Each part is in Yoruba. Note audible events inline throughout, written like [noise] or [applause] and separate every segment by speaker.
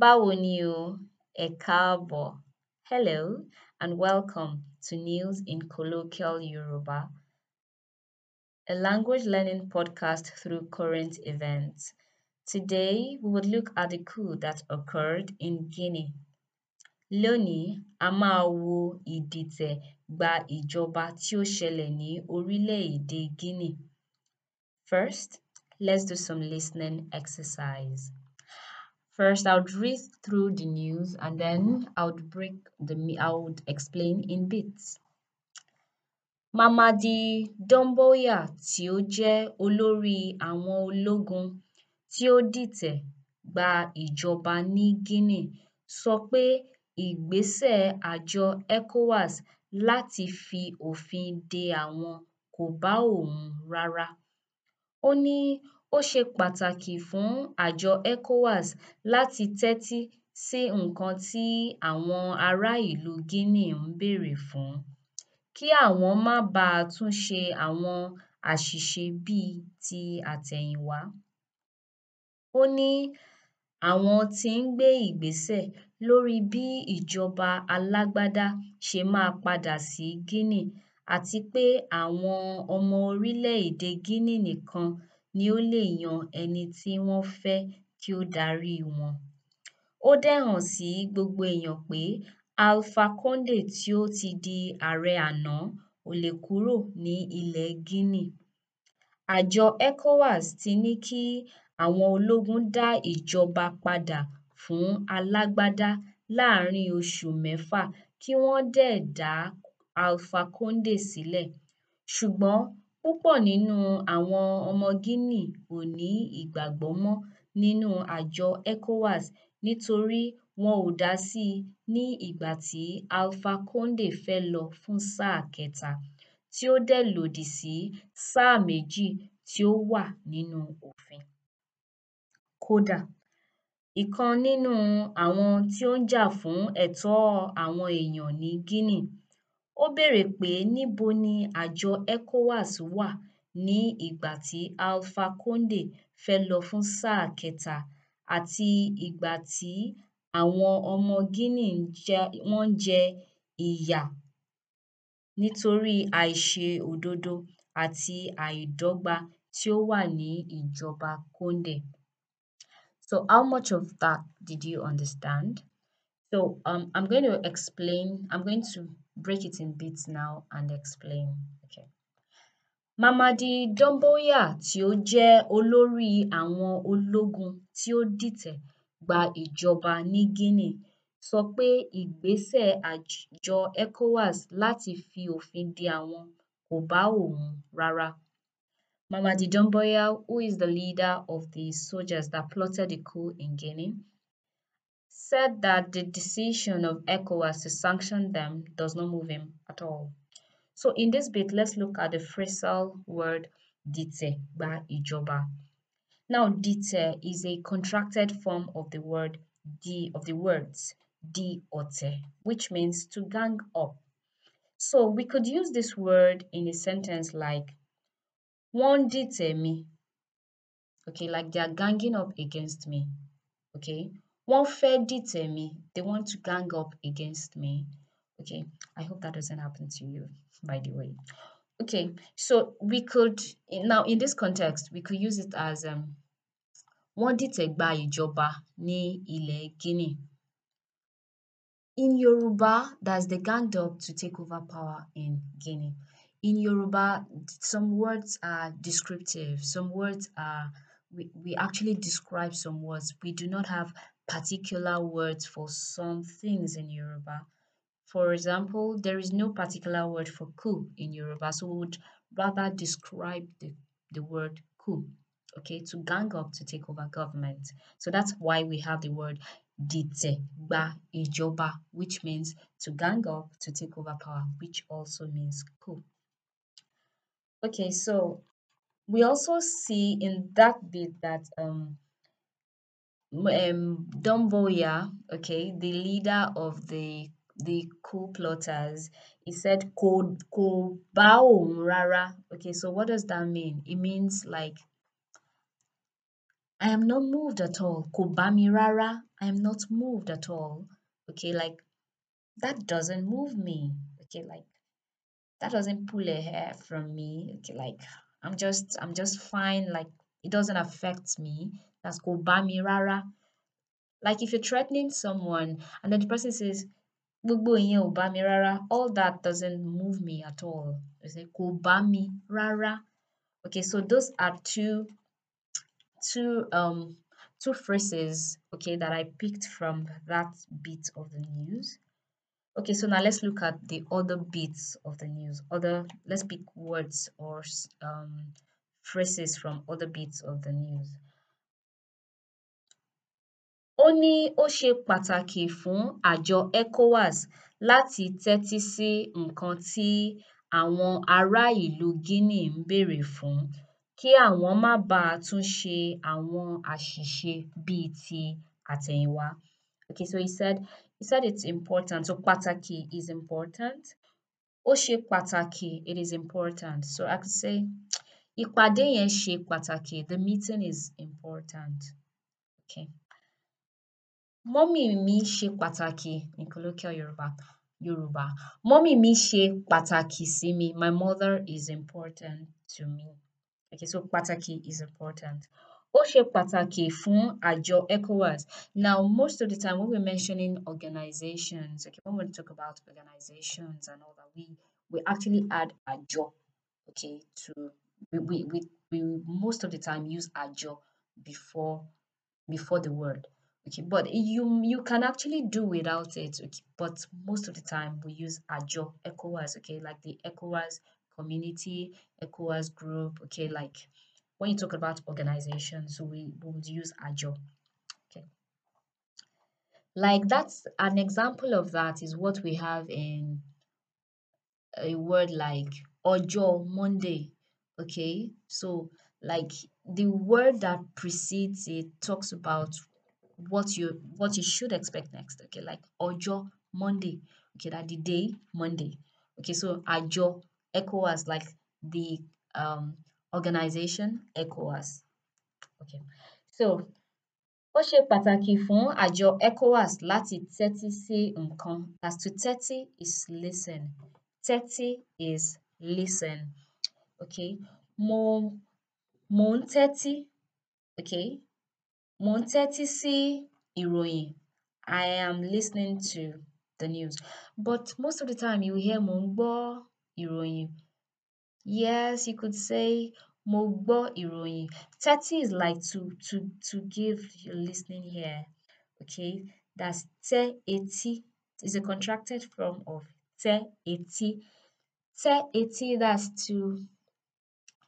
Speaker 1: Báwo ni o? Ẹ káàbọ̀. Hello and welcome to News in Colloquial Yoruba, a language learning podcast through current events. Today, we would look at the coup that occurred in Guinea. Loni ama wo ìdìtẹ̀ gba ìjọba tí ó ṣẹlẹ̀ ní orílẹ̀-èdè Guinea. First, let's do some listening exercise. First, I would read through the news and then I would break the, I would explain in bits. Mamadi Doumbouya tí ó jẹ́ olórí àwọn ológun tí ó dìtẹ̀ gba ìjọba ní Guinea sọ pé ìgbésẹ̀ àjọ ECOWAS láti fi òfin de àwọn kò bá òun rárá. Ó ní Ó ṣe pàtàkì fún àjọ ECOWAS láti tẹ́tí sí nǹkan tí àwọn ará ìlú Guinea ń bèèrè fún, kí àwọn má ba tún ṣe àwọn àṣìṣe bíi ti àtẹ̀yìnwá. Ó ní àwọn ti ń gbé ìgbésẹ̀ lórí bí ìjọba alágbádá ṣe máa padà sí Guinea àti pé àwọn ọmọ orílẹ̀-èdè Guinea nìkan ni ó lè yan ẹni tí wọ́n fẹ́ kí ó darí wọn. Ó dẹ̀ hàn sí gbogbo èyàn pé Alpha Conde tí ó ti di ààrẹ àná ò lè kúrò ní ilẹ̀ Guinea. Àjọ ECOWAS ti ní kí àwọn ológun dá ìjọba padà fún alágbádá láàrin oṣù mẹ́fà kí wọ́n dẹ̀ dá Alpha Conde sílẹ̀. Ṣùgbọ́n Púpọ̀ nínú àwọn ọmọ Guinea ò ní ìgbàgbọ́ mọ́ nínú àjọ ECOWAS nítorí wọn ò dá síi ní ìgbà tí Alpha Condé fẹ́ lọ fún sáà kẹta, tí ó dẹ̀ lòdì sí sáà méjì tí ó wà nínú òfin. Kódà, ìkan nínú àwọn tí ó ń jà fún ẹ̀tọ́ àwọn èèyàn ní Guinea ó béèrè pé níbo ni àjọ ECOWAS wà ní ìgbà tí Alpha Condé fẹ́ lọ fún sáà kẹta àti ìgbà tí àwọn ọmọ Guinea wọ́n jẹ ìyà nítorí àìṣe òdodo àti àìdọ́gba tí ó wà ní ìjọba Condé. So how much of that did you understand? So um, I'm going to explain, I'm going to Break it in bits now and explain. Okay. Mamadi Doumbouya tí ó jẹ́ olórí àwọn ológun tí ó dìtẹ̀ gba ìjọba ní Guinea sọ pé ìgbésẹ̀ àjọ ECOWAS láti fi òfin de àwọn kò bá òun rárá. Mamadi Doumbouya who is the leader of the soldiers that plotted the coup in Guinea said that the decision of ECOWAS to sanction them does not move him at all. So in this bit, let's look at the phrasal word dite ba ijoba. Now dite is a contracted form of the word d of the words di ote, which means to gang up. So we could use this word in a sentence like one dite me. Okay, like they are ganging up against me. Okay, wọ́n fẹ́ dìtẹ̀ mi. They want to gang up against me. Okay, I hope that doesn't happen to you, by the way. Okay, so we could now in this context we could use it as um, wọ́n dìtẹ̀ gba ìjọba ní ilẹ̀ Guinea. In Yoruba, that's the ganged up to take over power in Guinea. In Yoruba, some words are descriptive. Some words are we, we actually describe some words. We do not have particular words for some things in Yoruba. For example, there is no particular word for coup in Yoruba, so we would rather describe the, the word coup, okay, to gang up to take over government. So that's why we have the word in ijoba, which means to gang up to take over power, which also means coup. Okay, so we also see in that bit that um, um, Domboya, okay, the leader of the the coup plotters, he said ko ko rara. Okay, so what does that mean? It means like I am not moved at all. Ko rara. I am not moved at all. Okay, like that doesn't move me. Okay, like that doesn't pull a hair from me. Okay, like I'm just I'm just fine. Like it doesn't affect me. That's called Bami Rara. Like if you're threatening someone and then the person says, Gbogbo rara, all that doesn't move me at all. You say ko rara. Okay, so those are two two um two phrases okay that I picked from that bit of the news. Okay, so now let's look at the other bits of the news. Other, let's pick words or um, phrases from other bits of the news. ó ní ó ṣe pàtàkì fún àjọ ECOWAS láti tẹ́tí sí nǹkan tí àwọn ará ìlú Guinea ń béèrè fún kí àwọn má baà tún ṣe àwọn àṣìṣe bíi ti àtẹ̀yìnwá. Okay, so he said he said it's important. So pàtàkì is important. Ó ṣe pàtàkì, it is important. So I could say ìpàdé yẹn ṣe pàtàkì. The meeting is important. Okay. Mummy mi ṣe pàtàkì in colloquial Yoruba. Yoruba. Mummy mi ṣe pàtàkì sí mi. My mother is important to me. Okay, so pàtàkì is important. Ó ṣe pàtàkì fún àjọ ECOWAS. Now, most of the time when we're mentioning organizations, okay, when we talk about organizations and all that, we, we actually add àjọ, okay, to, we, we, we, we most of the time use àjọ before, before the word okay but you you can actually do without it okay, but most of the time we use ajo ecowas okay like the ecowas community ecowas group okay like when you talk about organizations so we, we would use ajo okay like that's an example of that is what we have in a word like ojo monday okay so like the word that precedes it talks about what you what you should expect next okay like ojo monday okay that the day monday okay so ajo ecowas like the um organization ecowas okay so ó ṣe pàtàkì fún àjọ ecowas láti tẹ́tí sí nǹkan as to 30 is listen Thirty is listen okay mo mo thirty. okay Mo ń tẹ́tí sí ìròyìn. I am listening to the news. But most of the time you hear mo ń gbọ́ ìròyìn. Yes, you could say mo gbọ́ ìròyìn. Tẹ́tí is like to, to, to give your listening ear. Okay? That's tẹ́ etí. is a contracted form of tẹ́ etí. Tẹ́ etí, that's to,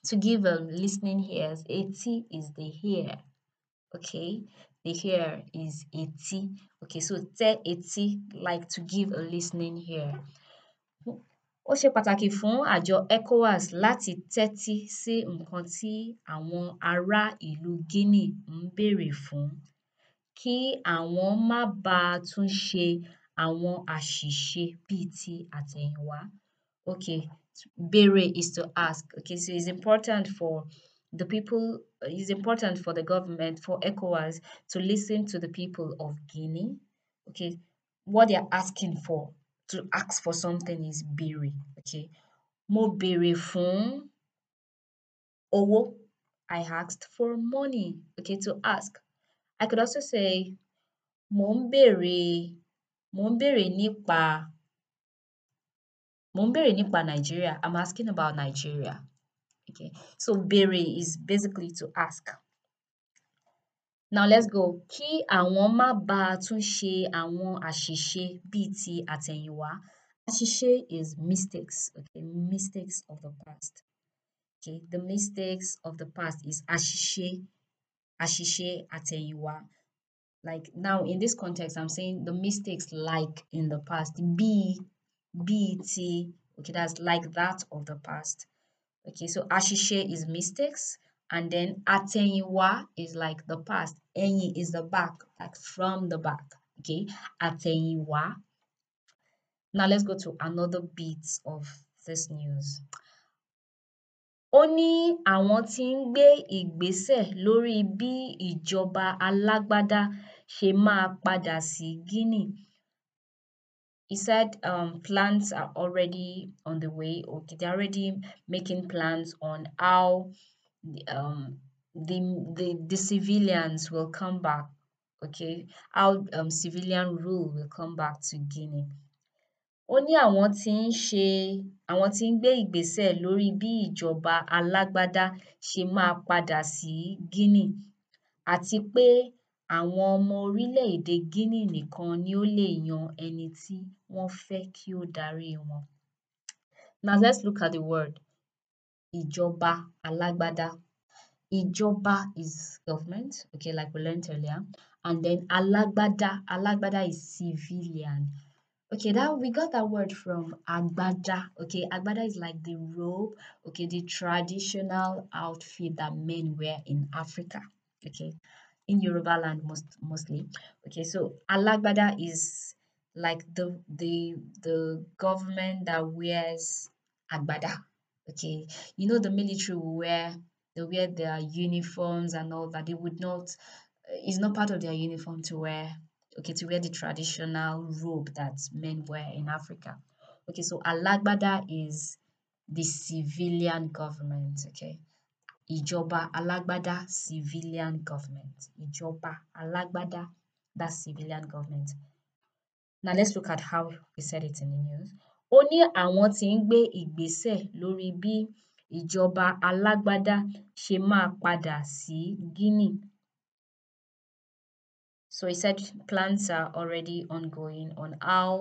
Speaker 1: to give a listening ears. Etí is the ear. okay? The here is eti. Okay, so tẹ́ etí like to give a listening here. Ó ṣe pàtàkì fún àjọ ECOWAS láti tẹ́tí sí nǹkan tí àwọn ará ìlú Guinea ń bèrè fún kí àwọn má ba tún ṣe àwọn àṣìṣe bíi ti àtẹ̀yìnwá. Okay, bere is to ask. Okay, so it's important for the people uh, is important for the government for ECOWAS to listen to the people of Guinea. Okay, what they're asking for to ask for something is berry. Okay, More berry fun owo. I asked for money. Okay, to ask. I could also say mo n bere mo nipa mo n nipa Nigeria. I'm asking about Nigeria okay so bere is basically to ask now let's go kí àwọn má bàa tún ṣe àwọn àṣìṣe bíi ti àtẹ̀yìnwá àṣìṣe is mistakes okay mistakes of the past okay the mistakes of the past is àṣìṣe àṣìṣe àtẹ̀yìnwá like now in this context i'm saying the mistakes like in the past B, b t. okay that's like that of the past Okay, so àṣìṣe is mistakes, and then àtẹ̀yìnwá is like the past. Ẹ̀yìn is the back, like from the back. Okay, àtẹ̀yìnwá. Now let's go to another bit of this news. Ó ní àwọn tí ń gbé ìgbésẹ̀ lórí bí ìjọba alágbádá ṣe máa padà sí Guinea he said um, plans are already on the way Okay, they're already making plans on how um, the, the, the civilians will come back okay how um, civilian rule will come back to Guinea Only I àwọn tí ń ṣe àwọn tí ń gbé ìgbésẹ̀ lórí bí ìjọba alágbádá ṣe máa padà Guinea àti pé Àwọn ọmọ orílẹ̀-èdè Guinea nìkan ni ó lè yan ẹni tí wọ́n fẹ́ kí ó darí wọn. Now let's look at the word ìjọba alágbádá. Ìjọba is government, okay, like we learnt earlier. And then alágbádá, alágbádá is civilian. Okay, that we got that word from agbádá. Okay, agbádá is like the robe, okay, the traditional outfit that men wear in Africa. Okay in Yoruba land most mostly. Okay, so alagbada is like the the the government that wears agbada. Okay, you know the military will wear they wear their uniforms and all that. They would not. It's not part of their uniform to wear. Okay, to wear the traditional robe that men wear in Africa. Okay, so alagbada is the civilian government. Okay, ìjọba alágbádá civilian government ìjọba alágbádá that civilian government now let's look at how he said it in the news ó ní àwọn tí ń gbé ìgbésẹ̀ lórí bí ìjọba alágbádá ṣe máa padà sí Guinea so he said plans are already ongoing on how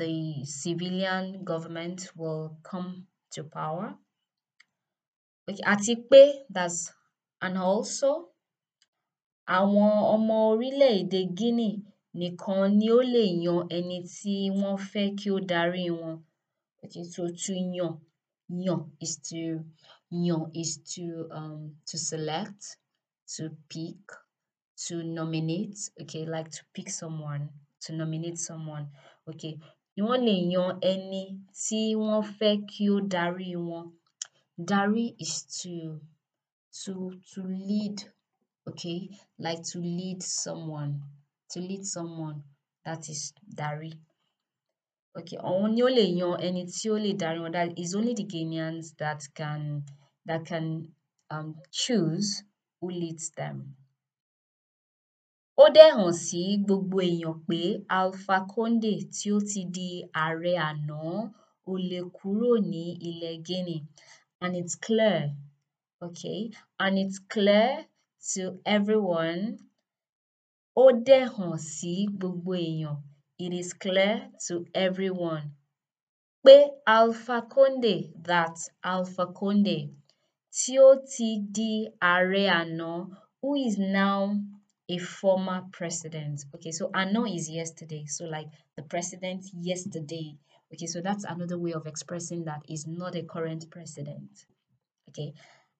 Speaker 1: the civilian government will come to power àti pé that's and also àwọn ọmọ orílẹ̀-èdè Guinea nìkan ni ó lè yan ẹni tí wọ́n fẹ́ kí ó darí wọn okay so to yàn yàn is to yàn is to um to select to pick to nominate okay like to pick someone to nominate someone okay wọ́n lè yan ẹni tí wọ́n fẹ́ kí ó darí wọn Dari is to to to lead, okay? Like to lead someone, to lead someone that is Dari. Okay, òun ni ó lè yan ẹni tí ó lè darí wọn. That is only the Ghanaians that can that can um choose who leads them. Ó dẹ̀ hàn sí gbogbo èèyàn pé Alpha Condé tí ó ti di ààrẹ àná ò lè kúrò ní ilẹ̀ Guinea. and it's clear okay and it's clear to everyone ó hàn sí gbogbo èèyàn it is clear to everyone pé Alpha Conde that Alpha Conde tí ó ti di àná who is now a former president okay so àná is yesterday so like the president yesterday Okay, so that's another way of expressing that is not a current president. Okay,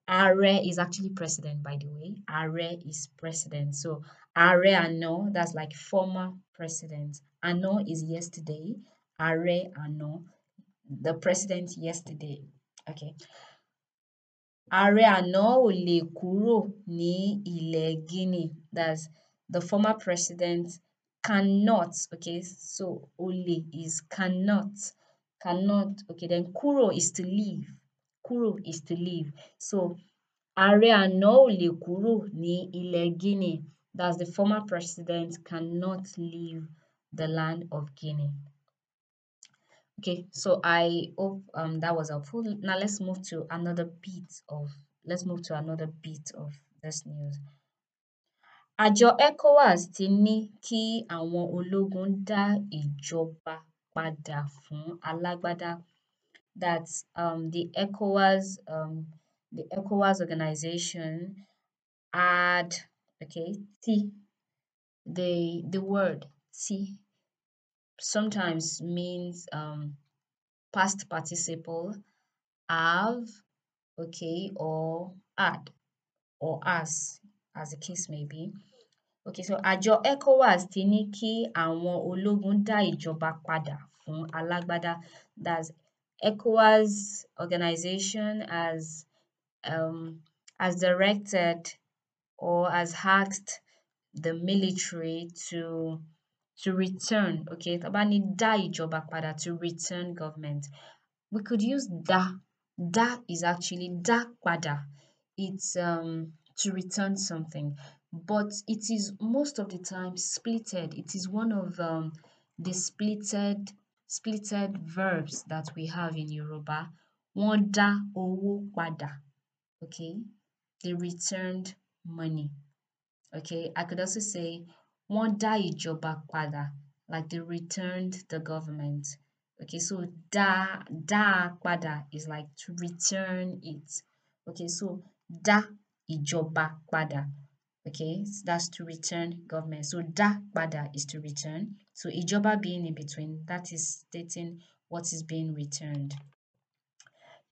Speaker 1: Are is actually president, by the way. Are is president. So Are Ano, that's like former president. Ano is yesterday. Are Ano, the president yesterday. Okay. Are ano lè kúrò ní ilẹ̀ Guinea. That's the former president cannot, okay, so only is cannot, cannot, okay, then kúrò is to leave, kúrò is to leave. So, area no lè kúrò ní ilẹ̀ Guinea, that's the former president cannot leave the land of Guinea. Okay, so I hope um, that was helpful. Now let's move to another bit of, let's move to another bit of this news. Àjọ ECOWAS ti ní kí àwọn ológun dá ìjọba padà fún alágbádá that um, the ECOWAS um, the ECOWAS organization add okay tí the the word tí sometimes means um, past participle have okay or add or as as the case may be Okay, so àjọ ECOWAS ti ní kí àwọn ológun dá ìjọba padà fún alágbádá. That's ECOWAS organization as, um, as directed or as asked the military to to return, okay, tá bá ní dá ìjọba padà to return government. We could use dá. Dá is actually dá padà. It's um, to return something but it is most of the time splitted. It is one of um, the splitted splitted verbs that we have in Yoruba. Wada owó wada, Okay, they returned money. Okay, I could also say wọ́n ìjọba padà, like they returned the government. Okay, so dá dá padà is like to return it. Okay, so dá ìjọba padà. Okay, so that's to return government. So da pada is to return. So ijoba being in between, that is stating what is being returned.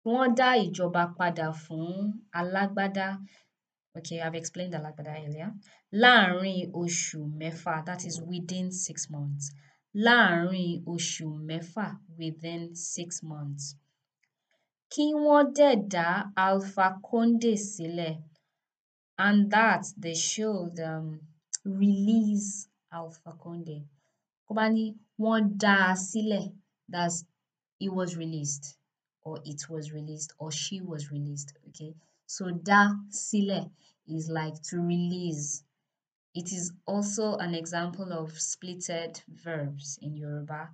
Speaker 1: Wọ́n dá ìjọba padà fún alágbádá. Okay, I've explained alágbádá earlier. Láàárín oṣù mẹ́fà, that is within six months. Láàárín oṣù mẹ́fà, within six months. Kí wọ́n dẹ̀ dá Alpha Conde sílẹ̀. and that they should um, release Alpha Conde. Kobani won da sile. That it was released, or it was released, or she was released. Okay, so da sile is like to release. It is also an example of splitted verbs in Yoruba.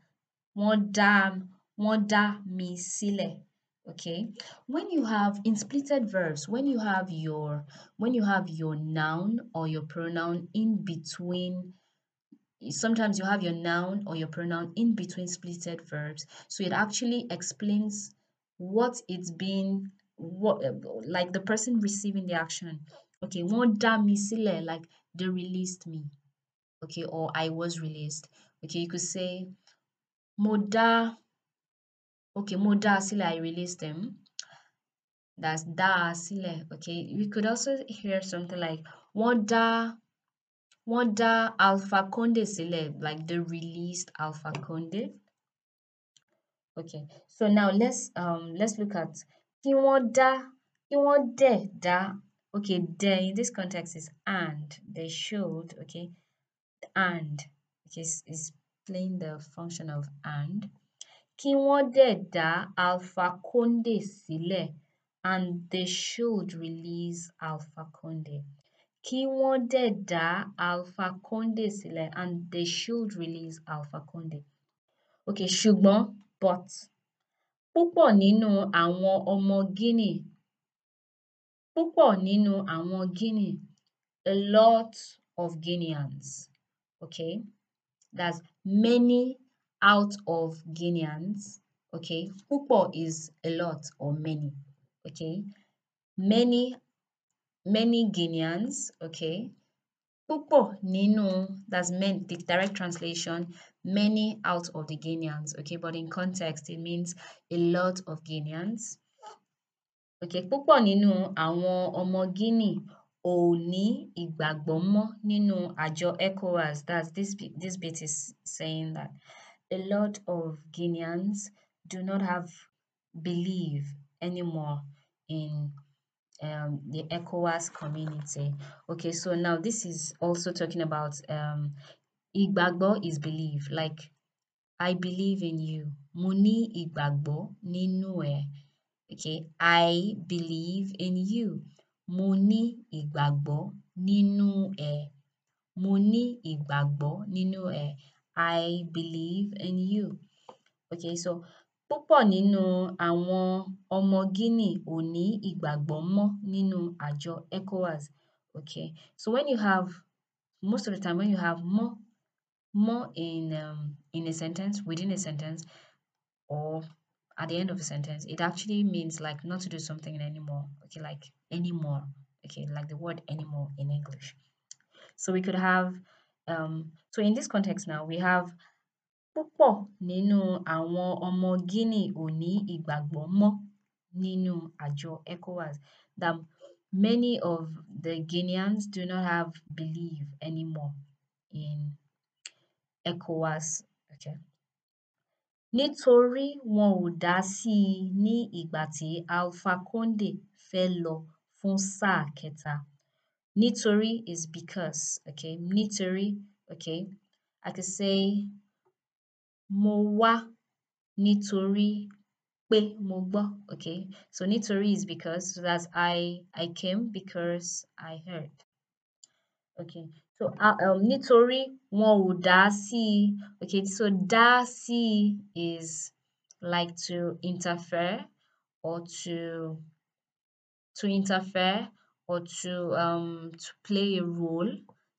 Speaker 1: Won da, won da mi sile okay when you have in splitted verbs when you have your when you have your noun or your pronoun in between sometimes you have your noun or your pronoun in between splitted verbs so it actually explains what it's been what like the person receiving the action okay wọ́n dá mi like they released me okay or I was released okay you could say mo dá okay mo dá sílẹ̀ I release them that's dá sílẹ̀ okay we could also hear something like wọ́n dá wọ́n dá Alpha Conde sílẹ̀ like the released Alpha Conde okay so now let's um let's look at kí wọ́n dá kí wọ́n dẹ̀ dá okay dẹ̀ in this context is and they should okay and okay is playing the function of and kí wọ́n dẹ̀ dá Alpha Condé sílẹ̀ and they should release Alpha Condé kí wọ́n dẹ̀ dá Alpha Condé sílẹ̀ and they should release Alpha Condé okay ṣùgbọ́n but púpọ̀ nínú àwọn ọmọ Guinea púpọ̀ nínú àwọn Guinea a lot of Guineans okay that's many out of Guineans, okay? Pupo is a lot or many, okay? Many, many Guineans, okay? Pupo ninu, that's meant the direct translation, many out of the Guineans, okay? But in context, it means a lot of Guineans. Okay, pupo ninu awon omo Guinea ò ní ìgbàgbọ́ mọ́ nínú àjọ ECOWAS that's this, this bit is saying that a lot of Guineans do not have belief anymore in um, the ECOWAS community. Okay, so now this is also talking about um, Igbagbo is belief, like I believe in you. Muni Igbagbo Ninue. Okay, I believe in you. Muni Igbagbo Ninue. Muni Igbagbo Ninue. I believe in you. Okay, so púpọ̀ nínú àwọn ọmọ Guinea ò ní ìgbàgbọ́ mọ́ nínú àjọ ECOWAS. Okay, so when you have, most of the time when you have more, more in, um, in a sentence, within a sentence, or at the end of a sentence, it actually means like not to do something anymore. Okay, like anymore. Okay, like the word anymore in English. So we could have um, so in this context now, we have púpọ̀ nínú àwọn ọmọ Guinea ò ìgbàgbọ́ mọ́ nínú àjọ ECOWAS that many of the Guineans do not have belief anymore in ECOWAS. Okay. Nítorí wọn ò dá ní ìgbà Alpha Condé fẹ́ lọ fún sáà kẹta. Nítorí is because, okay? Nítorí, okay? I could say mo wá nítorí pé mo gbọ́, okay? So nítorí is because, so that's I I came because I heard. Okay. So uh, um nítorí wọn ò dá sí Okay, so dá sí is like to interfere or to to interfere or to um to play a role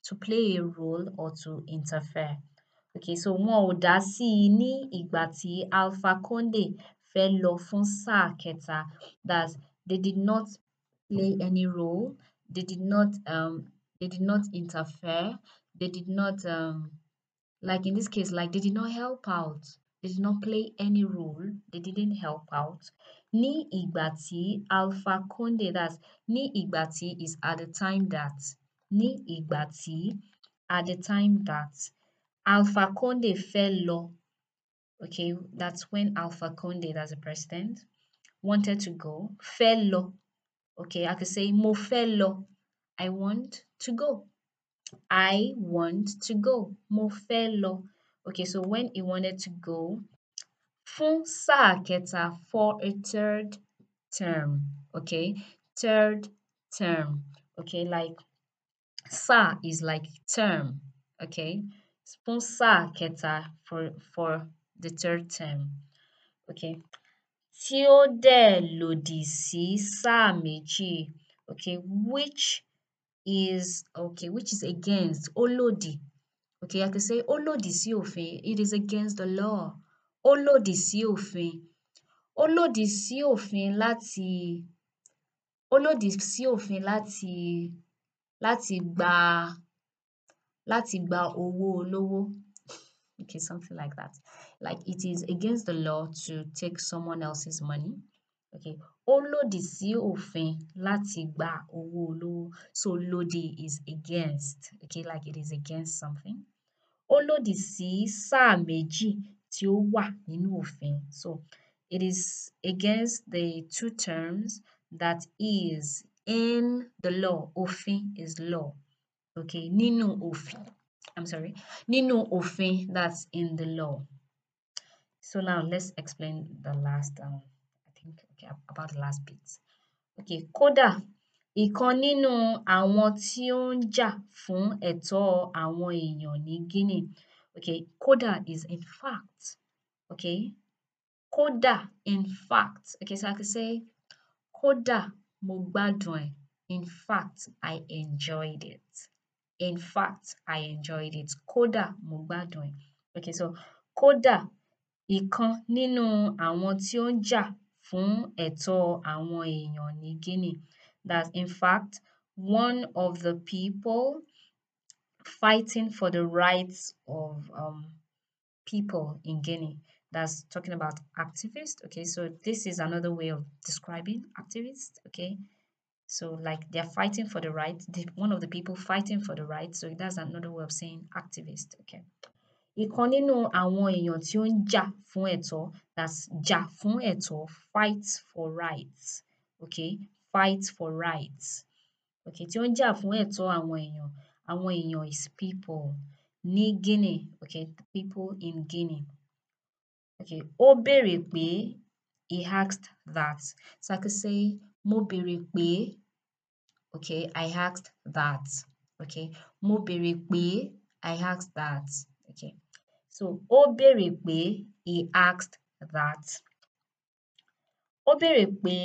Speaker 1: to play a role or to interfere okay so wọn ò dá sí i ní ìgbà tí alpha condé fẹ́ lọ fún sáà kẹta that's they did not play any role they did not um they did not interfere they did not um like in this case like they did not help out they did not play any role they didn't help out ní ibati Alpha Condé that's ní ibati is at the time that ní ibati at the time that Alpha Condé fẹ́ okay that's when Alpha Condé that's the president wanted to go fẹ́ okay I could say mo fẹ́ I want to go I want to go mo fẹ́ okay so when he wanted to go fún sáà kẹta for a third term okay third term okay like sa is like term okay fún sáà kẹta for for the third term okay tí ó dẹ̀ lòdì sí sáà méjì okay which is okay which is against ó okay I can say ó lòdì sí òfin it is against the law ó lòdì sí òfin ó lòdì sí òfin láti ó lòdì sí òfin láti láti gba láti gba owó olówó [laughs] okay something like that like it is against the law to take someone else's money okay ó lòdì sí òfin láti gba owó olówó so lòdì is against okay like it is against something ó lòdì sí sáà méjì tí wà nínú òfin so it is against the two terms that is in the law òfin is law okay nínú òfin I'm sorry nínú òfin that's in the law so now let's explain the last um, I think okay, about the last bit okay kódà ìkan nínú àwọn tí jà fún ẹ̀tọ́ àwọn èèyàn ní Guinea okay coda is in fact okay coda in fact okay so i could say coda mo in fact i enjoyed it in fact i enjoyed it coda mo okay so coda ìkan nínú àwọn tí ń jà fún ẹ̀tọ́ àwọn èèyàn ní Guinea that in fact one of the people fighting for the rights of um, people in Guinea. That's talking about activists. Okay, so this is another way of describing activists. Okay, so like they're fighting for the right, one of the people fighting for the right. So that's another way of saying activist. Okay. Ìkan àwọn èèyàn tí ó ń jà fún ẹ̀tọ́ that's jà fún ẹ̀tọ́ fight for rights okay fight for rights okay tí ó ń jà fún ẹ̀tọ́ Àwọn èèyàn is people. Ní Guinea, okay, people in Guinea. Okay, ó béèrè pé he asked that. So I could say mo béèrè pé. Okay, I asked that. Okay, mo béèrè pé. I asked that. Okay, so ó béèrè pé he asked that. Ó béèrè pé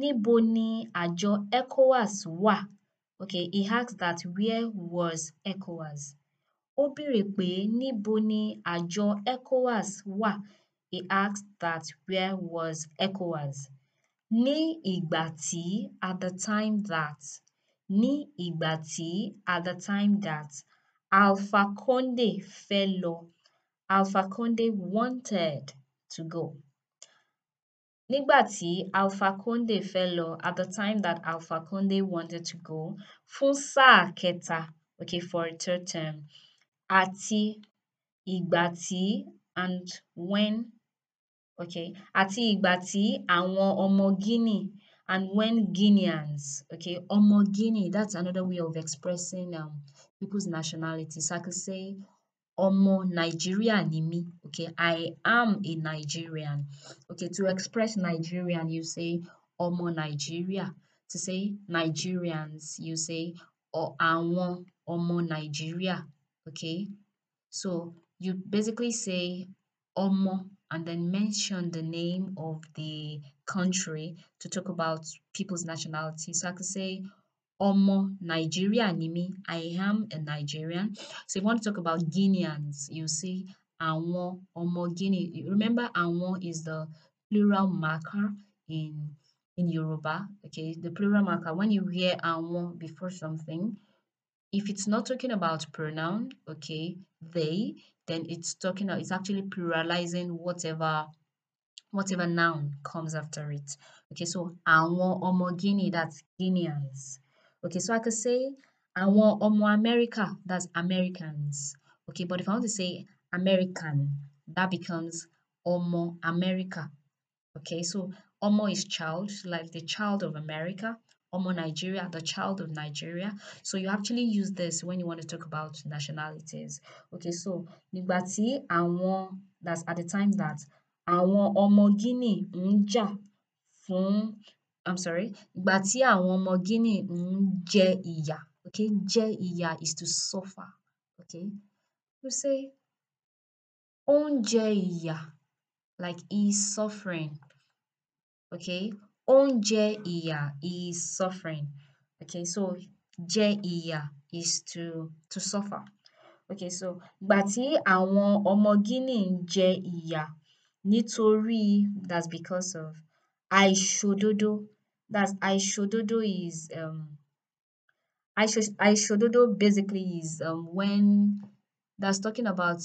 Speaker 1: níbo ni àjọ ECOWAS wà Okay, he asked that where was ECOWAS? Ó béèrè pé níbo ni àjọ ECOWAS wà? He asked that where was ECOWAS? Ní ìgbà tí at the time that. Ní ìgbà tí at the time that Alpha Conde fẹ́ lọ. Alpha Conde wanted to go. Nígbà Alpha Condé fellow at the time that Alpha Condé wanted to go fún kẹta okay for a third term àti igbati and when okay àti igbati tí àwọn ọmọ Guinea and when Guineans okay Omogini Guinea that's another way of expressing um people's nationalities I could say ọmọ Nigeria ni mí. Okay, I am a Nigerian. Okay, to express Nigerian, you say ọmọ Nigeria. To say Nigerians, you say O àwọn ọmọ Nigeria. Okay, so you basically say ọmọ and then mention the name of the country to talk about people's nationality. So I could say Omo Nigeria ni mí. I am a Nigerian. So if you want to talk about Guineans, you see, àwọn ọmọ Guinea. Remember, àwọn is the plural marker in in Yoruba. Okay, the plural marker. When you hear àwọn before something, if it's not talking about pronoun, okay, they, then it's talking about it's actually pluralizing whatever whatever noun comes after it. Okay, so àwọn ọmọ Guinea, that's Guineans. Okay, so I could say àwọn ọmọ America, that's Americans. Okay, but if I want to say American, that becomes ọmọ America. Okay, so ọmọ is child, like the child of America. Ọmọ Nigeria, the child of Nigeria. So you actually use this when you want to talk about nationalities. Okay, so Nibati tí that's at the time that àwọn ọmọ Guinea ń jà I'm sorry, But yeah, one more Guinea ń jẹ ìyà, okay, jẹ ìyà is to suffer, okay. You say ó ń jẹ ìyà like he's suffering, okay. Ó ń jẹ ìyà is suffering, okay. So jẹ ìyà is to to suffer, okay. So ìgbà tí one more Guinea jẹ ìyà nítorí that's because of Aishododo. That's Aishododo is um Aisho- Aishododo basically is um when that's talking about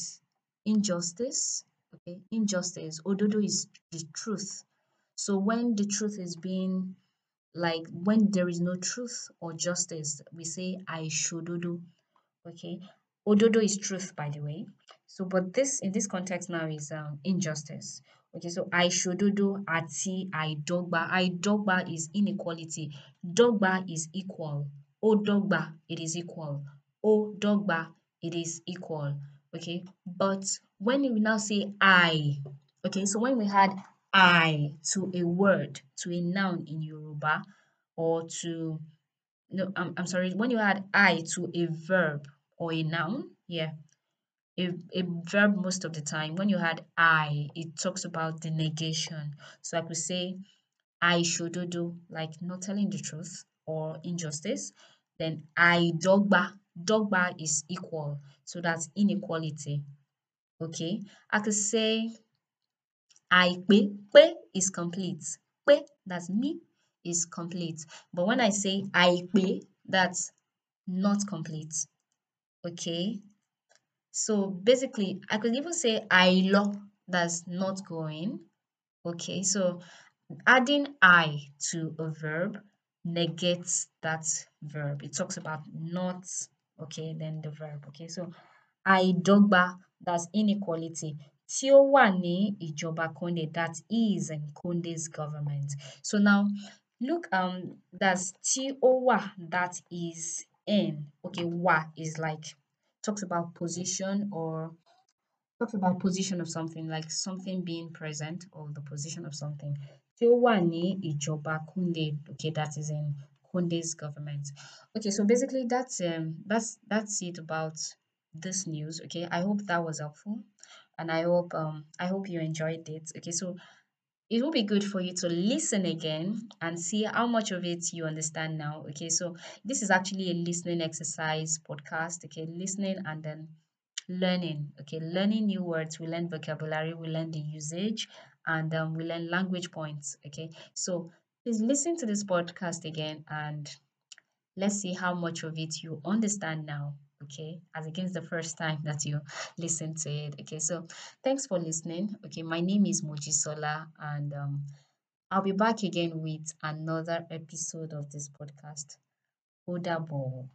Speaker 1: injustice. Okay, injustice. Ododo is the truth. So when the truth is being like when there is no truth or justice, we say Aishododo. Okay. Ododo is truth, by the way. So, but this in this context now is um, injustice. Okay, so I do àti I I dogba is inequality. Dọ́gba is equal. Ó dọ́gba, it is equal. Ó dọ́gba, it is equal. Okay, but when we now say I, okay, so when we had I to a word, to a noun in Yoruba, or to, no, I'm, I'm sorry, when you add I to a verb or a noun, yeah, a, a verb most of the time. When you had I, it talks about the negation. So I could say, I should do, like not telling the truth or injustice. Then I dogba. Dogba is equal. So that's inequality. Okay. I could say, I pe. Pe is complete. Pe, that's me, is complete. But when I say I pe, that's not complete. Okay. So basically, I could even say I love that's not going. Okay, so adding I to a verb negates that verb. It talks about not, okay, then the verb. Okay, so I dogba that's inequality. Tí wà ní ìjọba Conde that is in kunde's government. So now look um that's Tiowa, that is in. Okay, wà is like talks about position or talks about position of something like something being present or the position of something So ó wà Kunde okay that is in Kunde's government okay so basically that's um that's that's it about this news okay I hope that was helpful and I hope um I hope you enjoyed it okay so it will be good for you to listen again and see how much of it you understand now. Okay, so this is actually a listening exercise podcast. Okay, listening and then learning. Okay, learning new words. We learn vocabulary, we learn the usage, and um, we learn language points. Okay, so please listen to this podcast again and let's see how much of it you understand now okay as against the first time that you [laughs] listen to it okay so thanks for listening okay my name is mojisola and um, i'll be back again with another episode of this podcast odabo